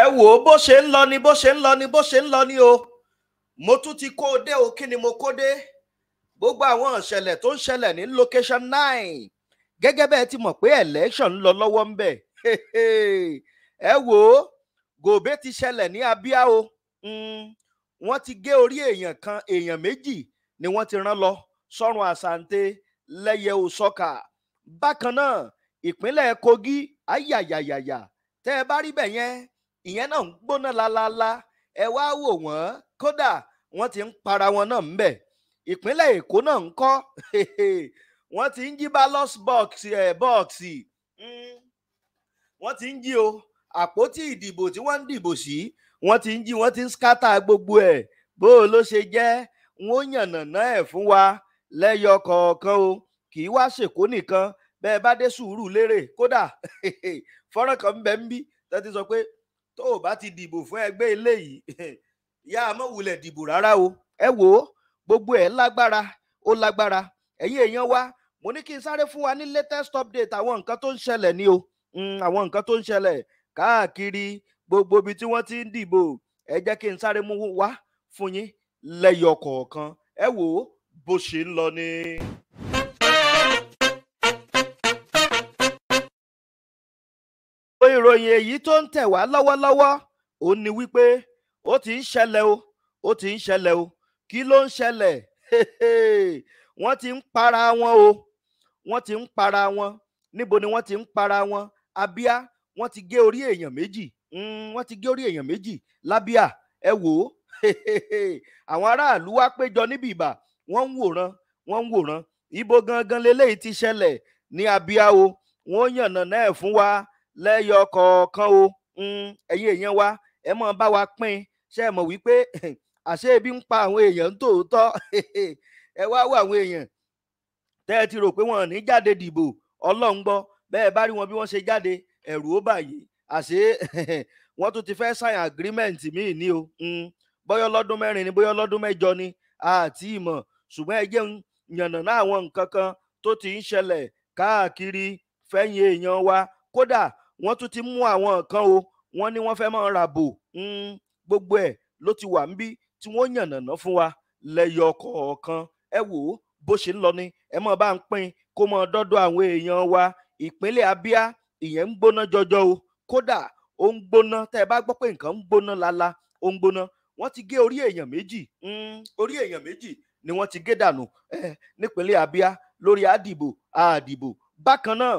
ẹ wò ó bó ṣe ń lọ ni bó ṣe ń lọ ni bó ṣe ń lọ ni o mo tún ti kó o dé o kí ni mo kó dé gbogbo àwọn ìṣẹ̀lẹ̀ tó ń ṣẹlẹ̀ ní location nine gẹ́gẹ́ bẹ́ẹ̀ ti mọ̀ pé election ń lọ lọ́wọ́ ń bẹ̀ ẹ wò ó gòbé ti ṣẹlẹ̀ ní abia o hmm, wọ́n ti gé orí èèyàn kan èèyàn méjì ni wọ́n ti rán lọ sọ́run àsante lẹ́yẹ òsọ́kà bákan náà ìpínlẹ̀ kogi ayàyàyàyà tẹ́ ẹ bá rí bẹ̀ yẹn ìyẹn náà ń gbóná lálálá ẹ wá wò wọ́n kódà wọ́n ti ń para wọn náà ńbẹ̀ ìpínlẹ̀ èkó náà ń kọ́ wọ́n ti ń jí ballot box ẹ̀ bọ́ọ̀sì hmm. wọ́n ti ń jí o àpótí ìdìbò tí wọ́n ń dìbò sí wọ́n ti ń jí wọ́n ti ń skátà gbogbo ẹ̀ bó o ló ṣe jẹ́ wọ́n ó yànnàná ẹ̀ fún wa lẹ́yọ kọ̀ọ̀kan o kì í wá ṣèkó nìkan bẹ́ẹ̀ bá dé sùúrù lérè kódà fọ́nrán kan ń bẹ ń bí tẹ́tí sọ pé tó o bá ti dìbò fún ẹgbẹ́ eléyìí ìyá amọ̀wulẹ̀ dìbò rárá o ẹ wò ó gbogbo ẹ̀ lágbára ó lágbára ẹ̀yin èèyàn wa mo ní kí n sáré fún wa ní latest update àwọn nǹkan tó ń ṣẹlẹ̀ ni o hmm, àwọn nǹkan tó ń ṣẹlẹ̀ káàkiri gbogbo ibi tí wọ́n ti ń dìbò ẹ jẹ́ kí n sáré mú wá fún yín lẹ́yọ kọ̀ọ̀kan ẹ wò ó bó ṣe ń lọ ni. ìròyìn èyí tó ń tẹ̀ wá lọ́wọ́lọ́wọ́ ó ní wípé ó ti ń ṣẹlẹ̀ o ó ti ń ṣẹlẹ̀ o kí ló ń ṣẹlẹ̀ wọ́n ti ń para wọn o wọ́n ti ń para wọn níbo ni wọ́n ti ń para wọn abíá wọ́n ti gé orí èèyàn méjì hmm, wọ́n ti gé orí èèyàn méjì lábíà ẹ wò ó àwọn aráàlú wá péjọ níbi ìbà wọ́n ń wòran wọ́n ń wòran ibo gangan leléyìí ti ṣẹlẹ̀ ní abíá o wọ́n yànnà náà fún wa lẹ́yọ kọ̀ọ̀kan o ẹ̀yin èèyàn wa ẹ mọ̀ bá wa pín ṣe é mọ̀ wípé àṣé ebi ń pa àwọn èèyàn ń tòótọ́ ẹ wá wọ àwọn èèyàn tẹ́ ẹ ti rò pé wọ́n ní jáde dìbò ọlọ́run gbọ́ bẹ́ẹ̀ bá rí wọn bí wọ́n ṣe jáde ẹ̀rù ó bàyè àṣé wọ́n tún ti fẹ́ sign agreement míì ní o bóyá lọ́dún mẹ́rin ni bóyá lọ́dún mẹ́jọ ni àti ìmọ̀ ṣùgbọ́n ẹ jẹun yànnà náà àwọn nǹkan kan tó ti ń ṣẹlẹ̀ káàkiri fẹ́yìn èèyàn wa kódà wọ́n tún ti mú àwọn nǹkan o wọ́n ní wọ́n fẹ́ máa ra bò gbogbo ẹ̀ ló ti wà níbí tí wọ́n yànnàná fún wa lẹ́yọ kọ̀ọ̀kan ẹ wò ó bó ṣe ń lọ ni ẹ mọ̀ bá ń pín kó mọ̀ dọ́dọ̀ àwọn èèyàn wa ìpínlẹ̀ Abia ìyẹn ń gbóná jọjọ o kódà ó ń gbóná tẹ́ ẹ bá gbọ́ pé nǹkan ń gbóná lala ó ń gbóná wọ́n ti gé orí èèyàn méjì orí èèyàn méjì ni wọ́n ti gé dànù nípínlẹ̀ Abia lórí àdìbò àdìbò bákan náà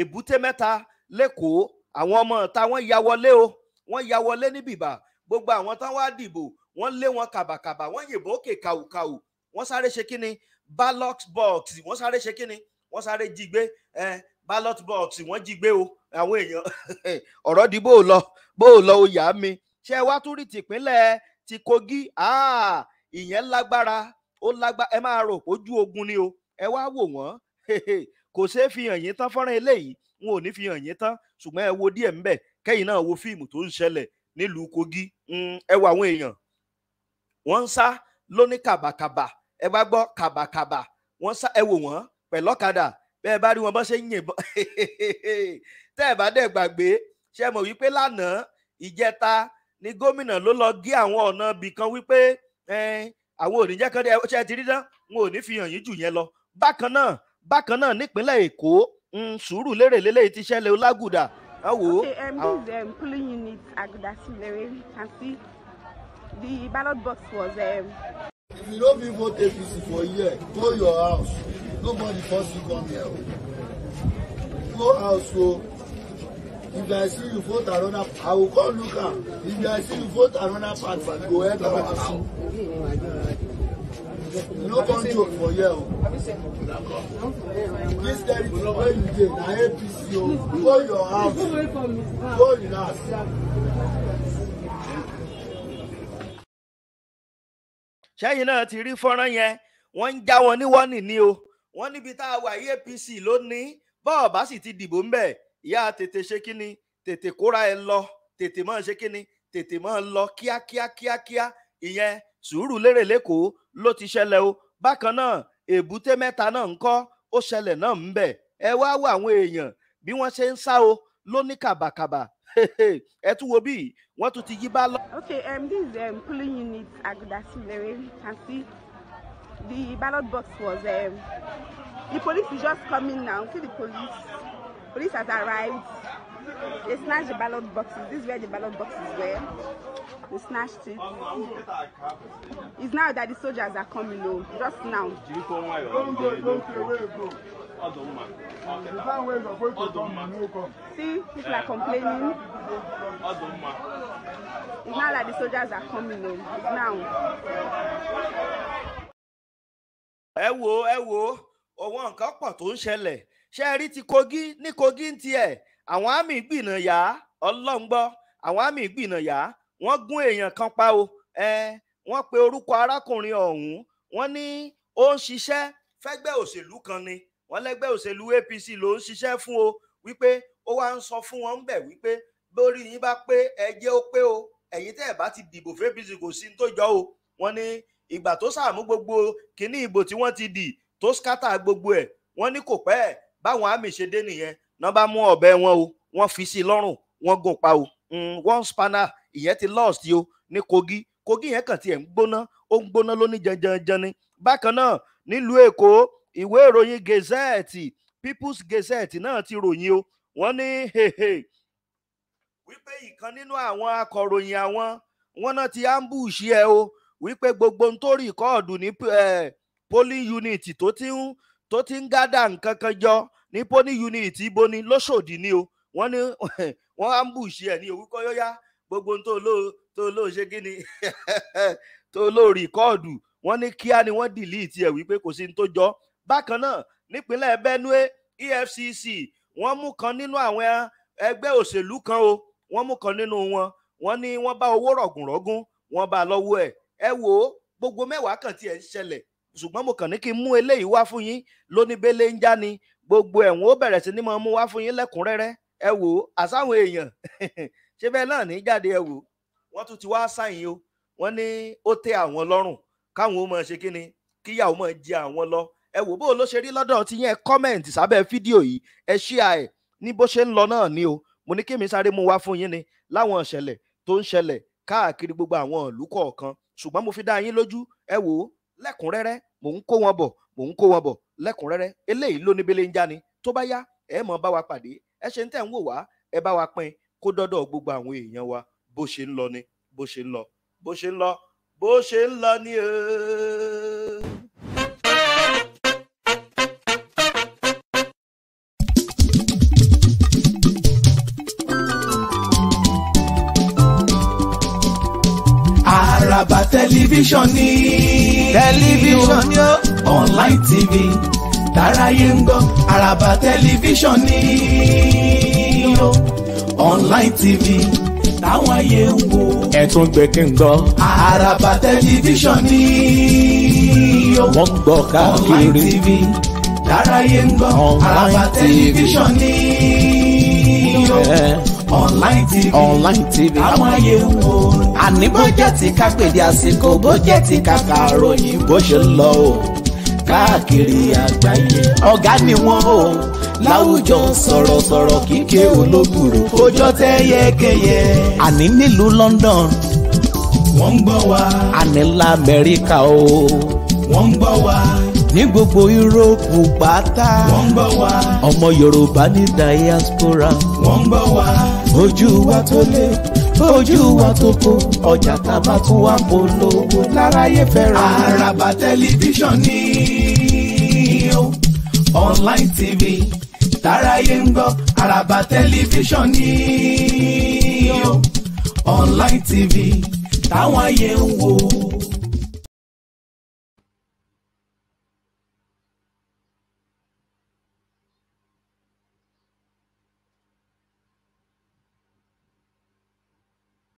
èbúté mẹ́ta lẹ́kọ̀ọ́ àwọn ọmọ táwọn ya wọlé o wọ́n ya wọlé ní bìbà gbogbo àwọn tán wá dìbò wọ́n lé wọn kàbàkàbà wọ́n yìnbọn òkè kàwùkàwù wọ́n sáré ṣe kínni ballot box wọ́n sáré ṣe kínni wọ́n sáré jí gbé eh, ballot box wọ́n jí o àwọn èèyàn ọ̀rọ̀ di bó lọ bó lọ o yà á mi ṣé ẹ wá tún rí tìpínlẹ̀ ti Kogi ìyẹn lágbára ó lágbára ẹ máa rò pójú ogun ni o ẹ wá wò wọ́n kò ṣeé fi hàn yín tán fọ́nrán eléyìí wọn ò ní fi hàn yín tán ṣùgbọ́n ẹ wo díẹ̀ ńbẹ̀ kẹ́yìn náà wo fíìmù tó ń ṣẹlẹ̀ nílùú Kogi hmm, ẹ wo àwọn èèyàn wọ́n ń sá lóní kàbàkàbà ẹ bá gbọ́ kàbàkàbà wọ́n sá ẹ wò wọ́n pẹ̀lọ́kadà bẹ́ẹ̀ bá rí wọn bọ́ ṣe ń yìnbọn tẹ́ ẹ bá dẹ̀ gbàgbé ṣe mọ̀ wípé lánàá ìjẹta ni gómìnà ló lọ gé àwọn ọ̀nà bìkan wípé àwọn òrìjẹ́ kan ṣe ti rí dán wọn ò ní fi hàn yín jù yẹn lọ bákan náà bákan náà nípínlẹ̀ Èkó sùúrù lérè lélẹ́yìí ti ṣẹlẹ̀ olágùdà ẹ wò ó. okay um, ah. this um, polling unit aguda silere you can see the ballot box was. Um... if you no fit vote apc for here go your house nobody force you come here o go house o. Oh. if i see you vote another i go come look am if i see you vote another party go help our house no come for here o oh. territory wey you dey na apc o oh. go your house go relax. sẹ́yìn náà ti rí fọ́nrán yẹn wọ́n ń já ní wọ́nì ni o wọ́n níbi tá a wà yí apc ló ní bọ́ọ̀ bá sì ti dìbò ńbẹ̀ ìyá tètè ṣe kínni tètè kóra ẹ lọ tètè mọ́ ṣe kínni tètè mọ́ lọ kíákíá kíákíá ìyẹn sùúrù lérè lẹ́kọ̀ọ́ ló ti ṣẹlẹ̀ o bákan náà èbúté mẹ́ta náà ń kọ́ ó ṣẹlẹ̀ náà ń bẹ̀ ẹ wá wo àwọn èèyàn bí wọ́n ṣe ń sá o ló ní kàbàkàbà ẹ tún wo bí wọ́n tún ti yí bá lọ. okay um, this is um, polling unit Agudasillere you can see the ballot box was um, the police is just coming now see the police police has arrived they snatched the ballot boxes this is where the ballot boxes were. They snatched it. It's now that the soldiers are coming though. Just now. See, people are complaining. It's now that the soldiers are coming though. It's now. ẹ wo ẹ wo ọwọ́ nǹkan pọ̀ tó ń ṣẹlẹ̀ ṣé ẹ rí ti Kogi ní Kogi ń tiẹ̀ àwọn àmì ìgbìnàyà ọlọ́ngbọ́ àwọn àmì ìgbìnàyà wọ́n gún èèyàn kan pa o wọ́n pe orúkọ arákùnrin ọ̀hún wọ́n ní ó ń ṣiṣẹ́ fẹ́gbẹ́ òṣèlú kan ni wọ́n lẹ́gbẹ́ òṣèlú APC ló ń ṣiṣẹ́ fún o wípé ó wá ń sọ fún wọn bẹ̀ wípé lórí yín bá pé ẹ jẹ́ ó pé o ẹ̀yin tẹ́ ẹ̀ bá ti dìbò fún APC kò sí tó jọ o wọ́n ní ìgbà tó sàmú gbogbo kínní ìbò tí wọ́n ti dì tó skátà gbogbo ẹ̀ wọ́n ní kò pẹ́ ẹ̀ báwọn àmì ṣe dé nìyẹn náà bá mú ọ̀bẹ wọn o wọ́n fi sí i lọ́rùn wọ́n gùn pa o Mm, one spanner ìyẹn ti lost yo ní Kogi Kogi yẹn kàn tiẹ̀ ń gbóná ó ń gbóná lóní janjanjan ni bákan náà nílùú Èkó ìwé ìròyìn Gazette People's Gazette náà ti ròyìn o wọ́n ní wípé ìkan nínú àwọn akọ̀ròyìn àwọn wọn náà ti ambush ẹ o wípé gbogbo ń tó rìkọ́ọ̀dù ní polling unit tó ti ń tó ti ń gádà nǹkan kan jọ ní polling unit ibo ni lóṣòdì ni o wọ́n ní wọ́n á ń bù ṣe ẹ̀ ní òwúkọ́ yóyá gbogbo tó ló tó ló ṣe kí ni tó ló rìkọ́ọ̀dù wọ́n ní kíá ni wọ́n dìlíìtì ẹ̀ wípé kò sí ní tó jọ bákan náà nípínlẹ̀ Benue EFCC wọ́n mú kan nínú àwọn ẹgbẹ́ òṣèlú kan o wọ́n mú kan nínú wọn wọ́n ní wọ́n bá owó rọ̀gùnrọ̀gùn wọ́n bá lọ́wọ́ ẹ̀ ẹ wò ó gbogbo mẹ́wàá kan tiẹ̀ ń ṣẹlẹ̀ ṣùgbọ́n mo kàn ní kí n mú eléyìí wá fún yín lóníbélé ń já ni gbogbo ẹ̀wọ̀n ó bẹ̀rẹ̀ sí ní máa mú wá fún yín lẹ́kùnrẹ́rẹ́ ẹ wò ó àsáwọn èèyàn ṣé bẹ́ẹ̀ náà ní jáde ẹ wò ó wọ́n tún ti wá sáyìn o wọ́n ní ó tẹ́ àwọn lọ́rùn káwọn ó máa ṣe kí ni kíyàwó máa jẹ àwọn lọ ẹ wò bó ló ṣe rí lọ́dọ̀ ti yẹn comment sábẹ́ fídíò yìí ẹ share ẹ̀ ní bó ṣe ń lọ náà ni o mo ní kí mi sáré mu wá fún yín ni láwọn ìṣẹ̀lẹ̀ tó ń ṣẹlẹ̀ káàkiri gbogbo àwọn ìlú kọ̀ọ̀kan ṣùgbọ́n mo fi dá yín lójú ẹ wò ó lẹ́kùnrẹ́rẹ́ mò ń kó wọn bọ̀ mò ń kó wọn bọ̀ lẹ́kùnrẹ́rẹ́ eléyìí ló níbi lè ń já ni tó bá yá ẹ mọ̀ bá wa pàdé ẹ ṣe ń tẹ̀ ń wò wá ẹ bá wa pín kó dọ́dọ̀ gbogbo àwọn èèyàn wa bó ṣe ń lọ ni bó ṣe ń lọ bó ṣe ń lọ bó ṣe ń lọ ni ooo. àràbà tẹlifíṣàn ni. tẹlifíṣàn ni ó. online tv táráyé ń gbọ́ àràbà tẹlifíṣàn ni o online tv táwọn ayé ń wo. ẹ tún gbé kí n gbọ́. àràbà tẹlifíṣàn ni o. wọ́n ń gbọ́ káàkiri. online tv táráyé ń gbọ́ àràbà tẹlifíṣàn ni o. online tv online tv táwọn ayé ń wo. àní bó jẹ́ ti ká pèdé àsìkò bó jẹ́ ti ká kàròyìn bó ṣe lọ o káàkiri àgbáyé ọ̀gá ni wọ́n o láwùjọ sọ̀rọ̀sọ̀rọ̀ kíkẹ́ olóbùrò ojọ́ tẹ́ yẹ́kẹ́yẹ. àní nílùú London wọ́n ń gbọ́ wa. àní la Amẹ́ríkà o wọ́n ń gbọ́ wa ní gbogbo yúróòpù pátá. wọ́n ń gbọ́ wa. ọmọ Yorùbá ní diaspora. wọ́n ń gbọ́ wa. ojú wa tó lé ojú wa tó ọjà tábà tún wá polówó láráyé fẹ́ràn. àràbà tẹlifíṣàn ni ó online tv táráyé ń gbọ́ àràbà tẹlifíṣàn ni ó online tv táwọn ayé ń wò.